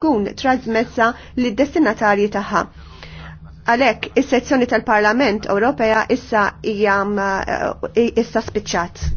tkun trasmessa lid destinatarji tagħha. Għalhekk is-sezzjoni tal-Parlament Ewropea issa hija eh, issa spiċċat.